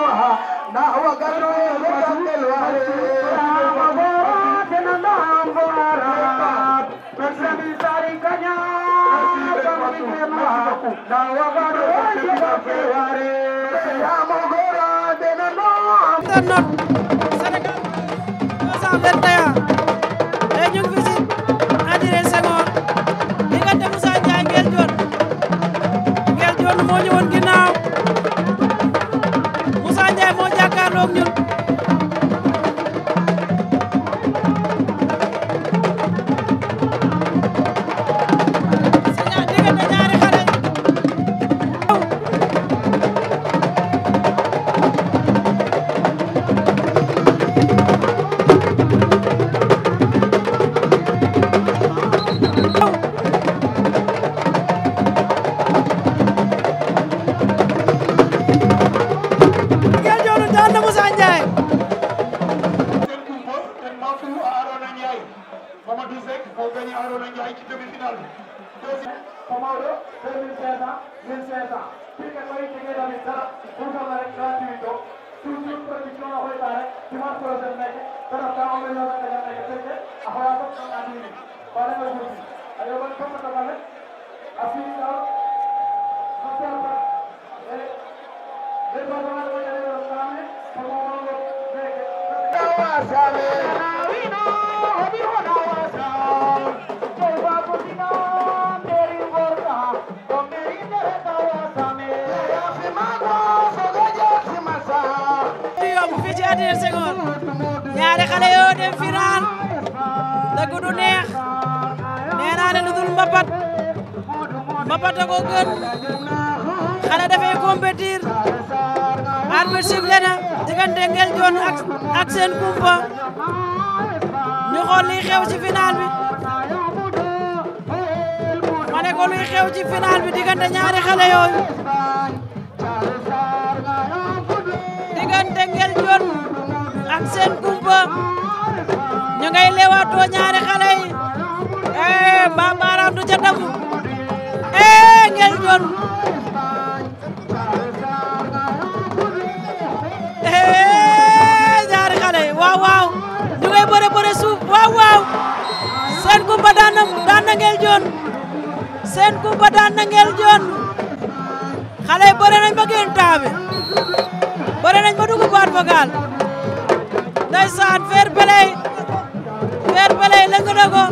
ها نحو قرنه لك الوالي مبارك مبارك نسلم سارك يا لا وغد وجهك في واري يا مغرى دنا Mafou Arona Ndiaye Mamadou Seck moo gagné Arona Ndiaye ci demi-finale bi. deuxième Mamadou deux mille cinq cent mille cinq cent. fii nga koy jege tamit dara pour nga rek gratuit do toujours production la koy baare dimanche prochain nekk dara temps am na ñoo xam ne nekk tëj ak waa bopp nga naan nii ba la nga gudd aywa ban képp dama ne affaire yi daal ma seetlu ko et département de Madiame yi daal maa ngi ne sama mbokku béykat. ñaari xale yoo dem final dëgg du neex nee naa ne lu dul mbapat mbapat da ko gën xale dafay compétir arbitre sifflé na diggante Nguel Dione ak ak seen kumpa xool bi ko luy xew ci final bi diggante ñaari xale yooyu diggante ngel jon ak seen kumpa ñu ngay leewaatoo ñaari xale yi eh ba ca dagu eh ngel jon kumba daan na daan na ngeel joon seen kumba daan na ngeel joon xale yi bëre nañ ba génn taabe bëre nañ ba dugg baat vocal ndeysaan fair play fair play lëng na